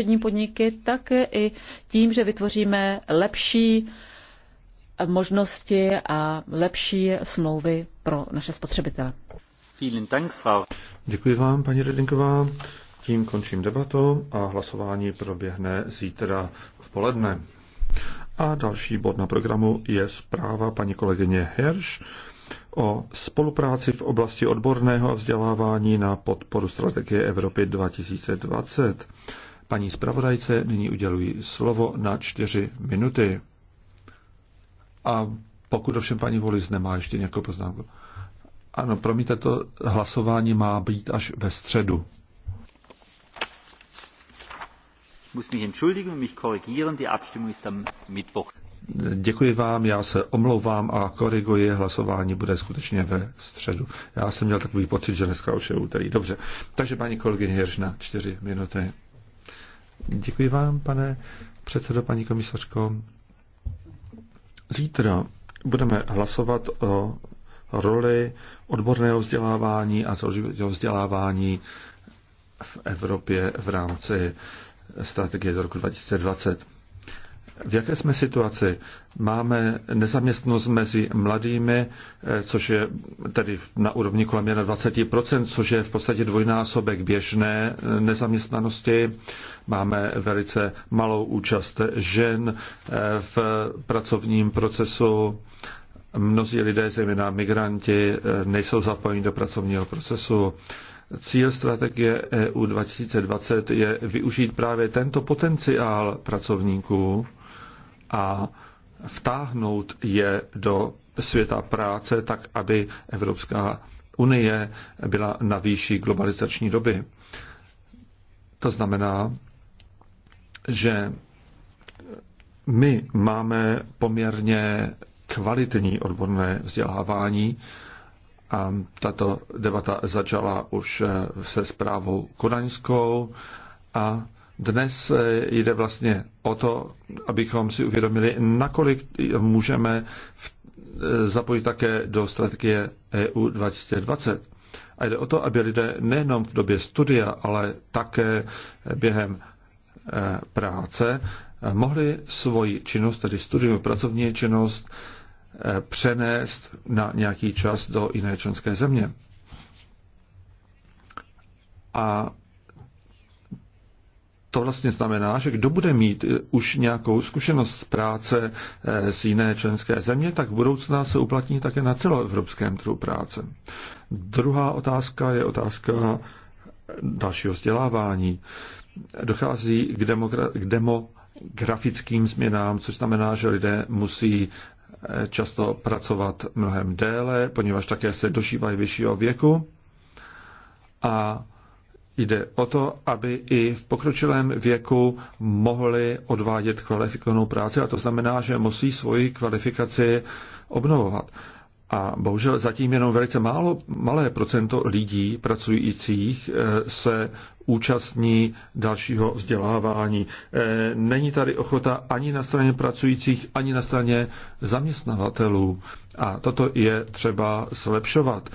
střední podniky, tak i tím, že vytvoříme lepší možnosti a lepší smlouvy pro naše spotřebitele. Děkuji vám, paní Redinková. Tím končím debatu a hlasování proběhne zítra v poledne. A další bod na programu je zpráva paní kolegyně Hirsch o spolupráci v oblasti odborného vzdělávání na podporu strategie Evropy 2020. Paní zpravodajce nyní uděluji slovo na čtyři minuty. A pokud ovšem paní Volis nemá ještě nějakou poznámku. Ano, promiňte, to hlasování má být až ve středu. Děkuji vám, já se omlouvám a koriguji, hlasování bude skutečně ve středu. Já jsem měl takový pocit, že dneska už je úterý. Dobře, takže paní kolegyně Hiršna, čtyři minuty. Děkuji vám, pane předsedo, paní komisařko. Zítra budeme hlasovat o roli odborného vzdělávání a celoživotního vzdělávání v Evropě v rámci strategie do roku 2020. V jaké jsme situaci? Máme nezaměstnost mezi mladými, eh, což je tedy na úrovni kolem 21%, což je v podstatě dvojnásobek běžné eh, nezaměstnanosti. Máme velice malou účast žen eh, v pracovním procesu. Mnozí lidé, zejména migranti, nejsou zapojeni do pracovního procesu. Cíl strategie EU 2020 je využít právě tento potenciál pracovníků a vtáhnout je do světa práce tak, aby Evropská unie byla na výši globalizační doby. To znamená, že my máme poměrně kvalitní odborné vzdělávání a tato debata začala už se zprávou kodaňskou a dnes eh, jde vlastně o to, abychom si uvědomili, nakolik můžeme eh, zapojit také do strategie EU 2020. A jde o to, aby lidé nejenom v době studia, ale také během eh, práce mohli svoji činnost, tedy studium, pracovní činnost, přenést na nějaký čas do jiné členské země. A to vlastně znamená, že kdo bude mít eh, už nějakou zkušenost z práce eh, z jiné členské země, tak v budoucna se uplatní také na celoevropském trhu práce. Druhá otázka je otázka eh, dalšího vzdělávání. Dochází k, demogra- k demografickým změnám, což znamená, že lidé musí často pracovat mnohem déle, poněvadž také se dožívají vyššího věku. A Jde o to, aby i v pokročilém věku mohli odvádět kvalifikovanou práci a to znamená, že musí svoji kvalifikaci obnovovat. A bohužel zatím jenom velice málo, malé procento lidí pracujících eh, se účastní dalšího vzdělávání. Eh, není tady ochota ani na straně pracujících, ani na straně zaměstnavatelů. A toto je třeba zlepšovat,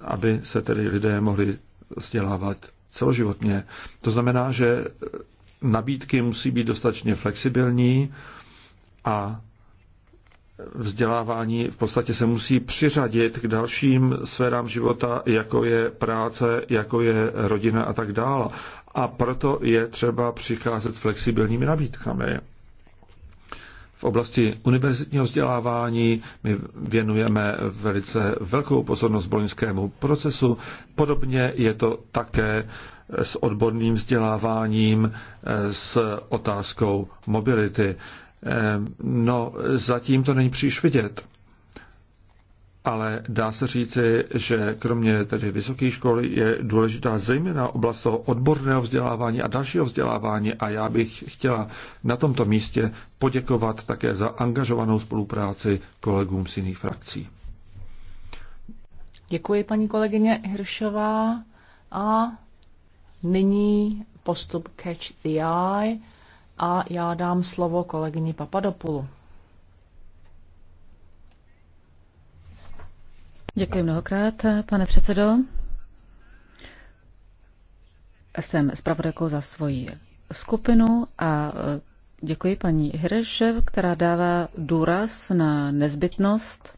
aby se tedy lidé mohli vzdělávat celoživotně. To znamená, že nabídky musí být dostatečně flexibilní a vzdělávání v podstatě se musí přiřadit k dalším sférám života, jako je práce, jako je rodina a tak dále. A proto je třeba přicházet s flexibilními nabídkami. V oblasti univerzitního vzdělávání my věnujeme velice velkou pozornost boloňskému procesu. Podobně je to také s odborným vzděláváním, s otázkou mobility. No, zatím to není příliš vidět ale dá se říci, že kromě tedy vysoké školy je důležitá zejména oblast toho odborného vzdělávání a dalšího vzdělávání a já bych chtěla na tomto místě poděkovat také za angažovanou spolupráci kolegům z jiných frakcí. Děkuji paní kolegyně Hršová a nyní postup Catch the Eye a já dám slovo kolegyni Papadopulu. Děkuji mnohokrát, pane předsedo. Jsem zpravodajkou za svoji skupinu a e, děkuji paní Hiršev, která dává důraz na nezbytnost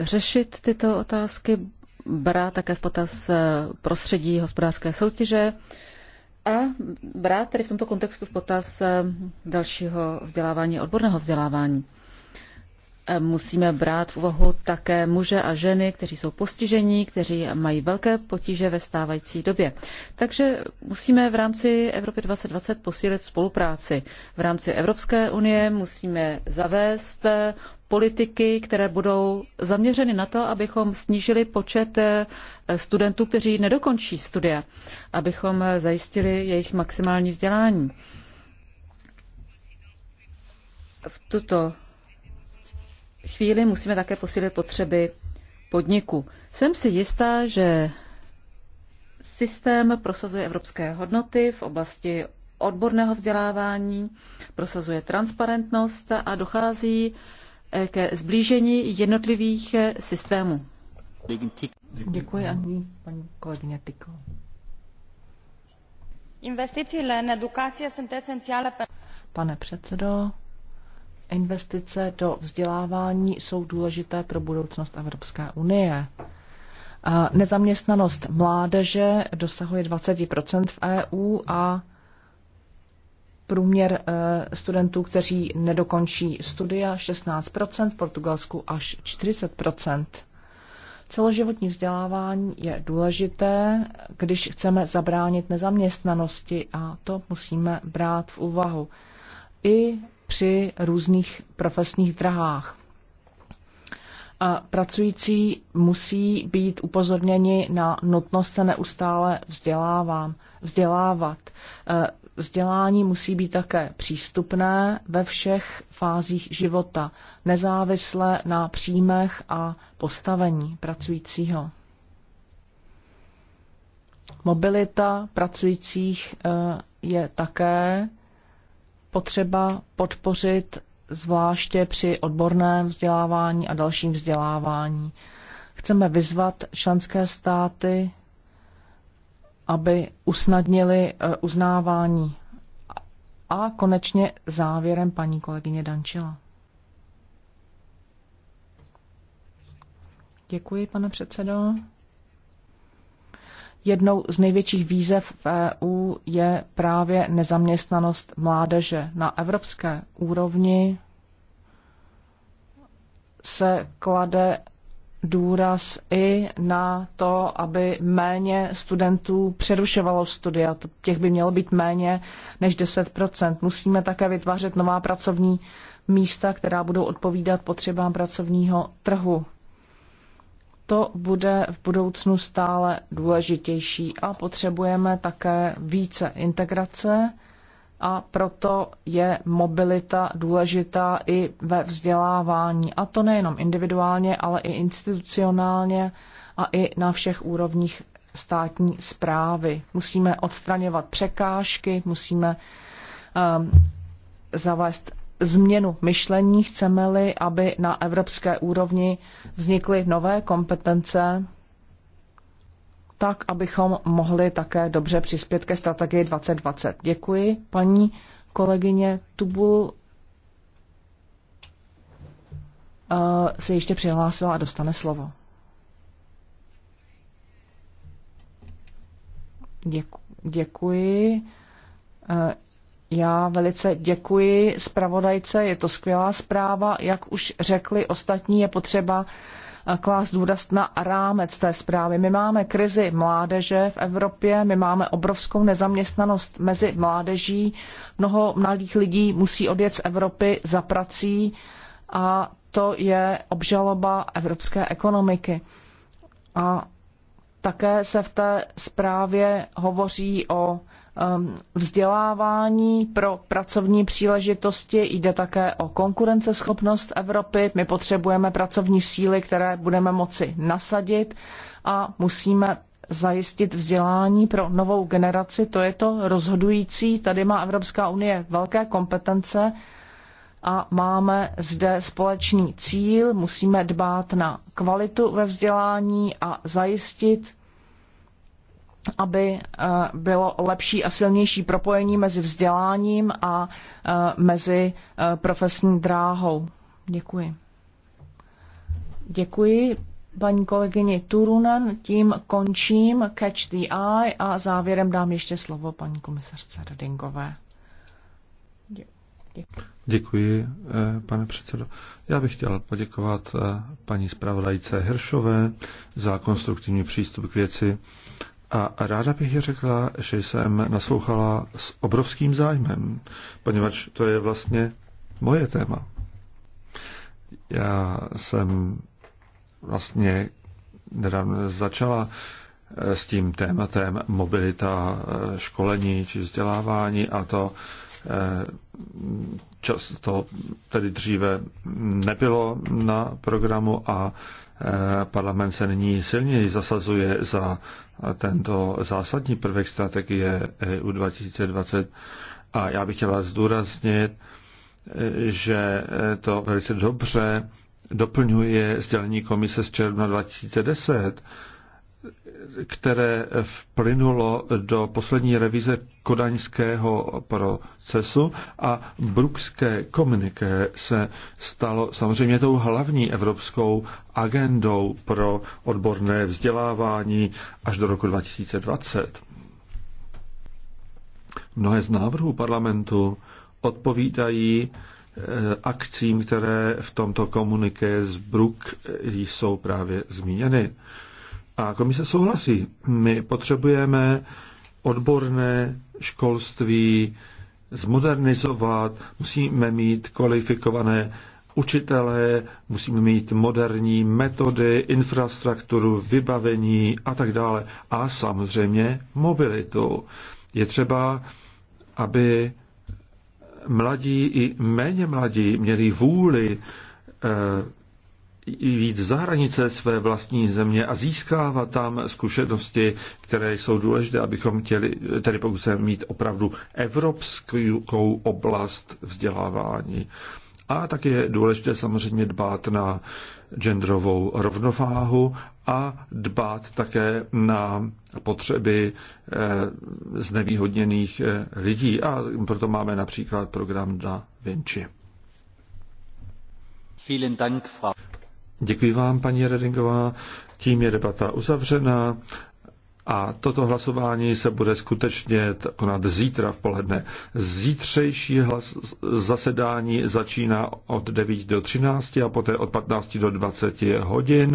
řešit tyto otázky, brát také v potaz e, prostředí hospodářské soutěže a brát tedy v tomto kontextu v potaz e, dalšího vzdělávání, odborného vzdělávání. Eh, musíme brát v úvahu také muže a ženy, kteří jsou postižení, kteří mají velké potíže ve stávající době. Takže musíme v rámci Evropy 2020 posílit spolupráci. V rámci Evropské unie musíme zavést eh, politiky, které budou zaměřeny na to, abychom snížili počet eh, studentů, kteří nedokončí studia, abychom zajistili jejich maximální vzdělání. V tuto chvíli musíme také posílit potřeby podniku. Jsem si jistá, že systém prosazuje evropské hodnoty v oblasti odborného vzdělávání, prosazuje transparentnost a dochází eh, ke zblížení jednotlivých eh, systémů. Děkuji a paní kolegyně Tyko. Investice în educație sunt esenciální. Pane předsedo, Investice do vzdělávání jsou důležité pro budoucnost Evropské unie. Nezaměstnanost mládeže dosahuje 20 v EU a průměr eh, studentů, kteří nedokončí studia, 16 v Portugalsku až 40 Celoživotní vzdělávání je důležité, když chceme zabránit nezaměstnanosti a to musíme brát v úvahu. I při různých profesních drahách. Pracující musí být upozorněni na nutnost se neustále vzdělávat. E, vzdělání musí být také přístupné ve všech fázích života, nezávisle na příjmech a postavení pracujícího. Mobilita pracujících e, je také potřeba podpořit zvláště při odborném vzdělávání a dalším vzdělávání. Chceme vyzvat členské státy, aby usnadnili eh, uznávání. A konečně závěrem paní kolegyně Dančila. Děkuji, pane předsedo. Jednou z největších výzev v EU je právě nezaměstnanost mládeže. Na evropské úrovni se klade důraz i na to, aby méně studentů přerušovalo studia. Těch by mělo být méně než 10 Musíme také vytvářet nová pracovní místa, která budou odpovídat potřebám pracovního trhu to bude v budoucnu stále důležitější a potřebujeme také více integrace a proto je mobilita důležitá i ve vzdělávání. A to nejenom individuálně, ale i institucionálně a i na všech úrovních státní zprávy. Musíme odstraňovat překážky, musíme um, zavést změnu myšlení, chceme-li, aby na evropské úrovni vznikly nové kompetence, tak abychom mohli také dobře přispět ke strategii 2020. Děkuji, paní kolegyně Tubul. Eh, se ještě přihlásila a dostane slovo. Děkuji. Eh, já velice děkuji zpravodajce, je to skvělá zpráva. Jak už řekli ostatní, je potřeba eh, klást důraz na rámec té zprávy. My máme krizi mládeže v Evropě, my máme obrovskou nezaměstnanost mezi mládeží. Mnoho mladých lidí musí odjet z Evropy za prací a to je obžaloba evropské ekonomiky. A také se v té zprávě hovoří o Ehm, vzdělávání pro pracovní příležitosti, jde také o konkurenceschopnost Evropy. My potřebujeme pracovní síly, které budeme moci nasadit a musíme zajistit vzdělání pro novou generaci. To je to rozhodující. Tady má Evropská unie velké kompetence a máme zde společný cíl. Musíme dbát na kvalitu ve vzdělání a zajistit aby eh, bylo lepší a silnější propojení mezi vzděláním a eh, mezi eh, profesní dráhou. Děkuji. Děkuji paní kolegyni Turunen, tím končím Catch the Eye a závěrem dám ještě slovo paní komisařce Radingové. Děkuji. Děkuji, pane předsedo. Já bych chtěl poděkovat paní zpravodajce Heršové za konstruktivní přístup k věci a ráda bych řekla, že jsem naslouchala s obrovským zájmem, poněvadž to je vlastně moje téma. Já jsem vlastně nedávno začala eh, s tím tématem mobilita, eh, školení či vzdělávání a to Eh, to tedy dříve nebylo na programu a eh, parlament se nyní silněji zasazuje za tento zásadní prvek strategie EU 2020. A já bych chtěla zdůraznit, eh, že to velice dobře doplňuje sdělení komise z června 2010, které vplynulo do poslední revize kodaňského procesu a brukské komuniké se stalo samozřejmě tou hlavní evropskou agendou pro odborné vzdělávání až do roku 2020. Mnohé z návrhů parlamentu odpovídají eh, akcím, které v tomto komuniké z Bruk jsou právě zmíněny. A komise souhlasí. My potřebujeme odborné školství zmodernizovat, musíme mít kvalifikované učitelé, musíme mít moderní metody, infrastrukturu, vybavení a tak dále. A samozřejmě mobilitu. Je třeba, aby mladí i méně mladí měli vůli eh, jít za hranice své vlastní země a získávat tam zkušenosti, které jsou důležité, abychom chtěli, tedy pokud se mít opravdu evropskou oblast vzdělávání. A také je důležité samozřejmě dbát na genderovou rovnováhu a dbát také na potřeby eh, znevýhodněných eh, lidí. A proto máme například program Da Vinci. Vielen Dank, Frau. Děkuji vám, paní Redingová. Tím je debata uzavřena a toto hlasování se bude skutečně konat zítra v poledne. Zítřejší hlas, zasedání začíná od 9 do 13 a poté od 15 do 20 hodin.